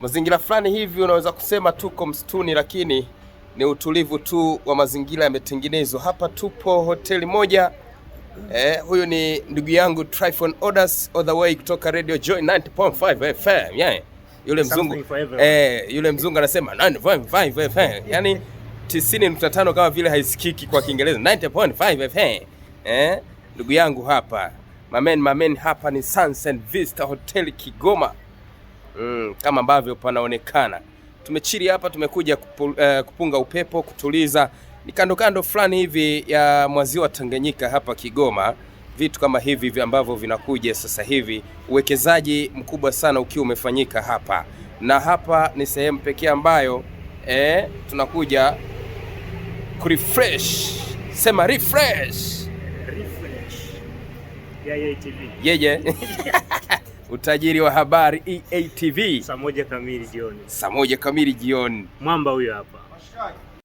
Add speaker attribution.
Speaker 1: Mazingira fulani hivi unaweza kusema tuko msituni, lakini ni utulivu tu wa mazingira yametengenezwa hapa. Tupo hoteli moja eh, huyu ni ndugu yangu Tryphon Odas all the way kutoka Radio Joy 90.5 FM yeah. Yule mzungu eh, yule mzungu anasema 90.5 FM yani 90.5 kama vile haisikiki kwa Kiingereza 90.5 FM eh, ndugu yangu hapa mamen mamen, hapa ni Sunset Vista Hotel Kigoma mm, kama ambavyo panaonekana. Tumechili hapa, tumekuja kupu, eh, kupunga upepo, kutuliza. Ni kando kando fulani hivi ya mwaziwa Tanganyika hapa Kigoma, vitu kama hivi ambavyo vinakuja sasa hivi, uwekezaji mkubwa sana ukiwa umefanyika hapa, na hapa ni sehemu pekee ambayo eh, tunakuja kurefresh, sema refresh,
Speaker 2: refresh. Yeah, yeah, TV.
Speaker 1: Yeah, yeah. Utajiri wa habari EATV,
Speaker 3: saa moja kamili jioni.
Speaker 1: Saa moja kamili jioni.
Speaker 3: Mwamba huyo hapa.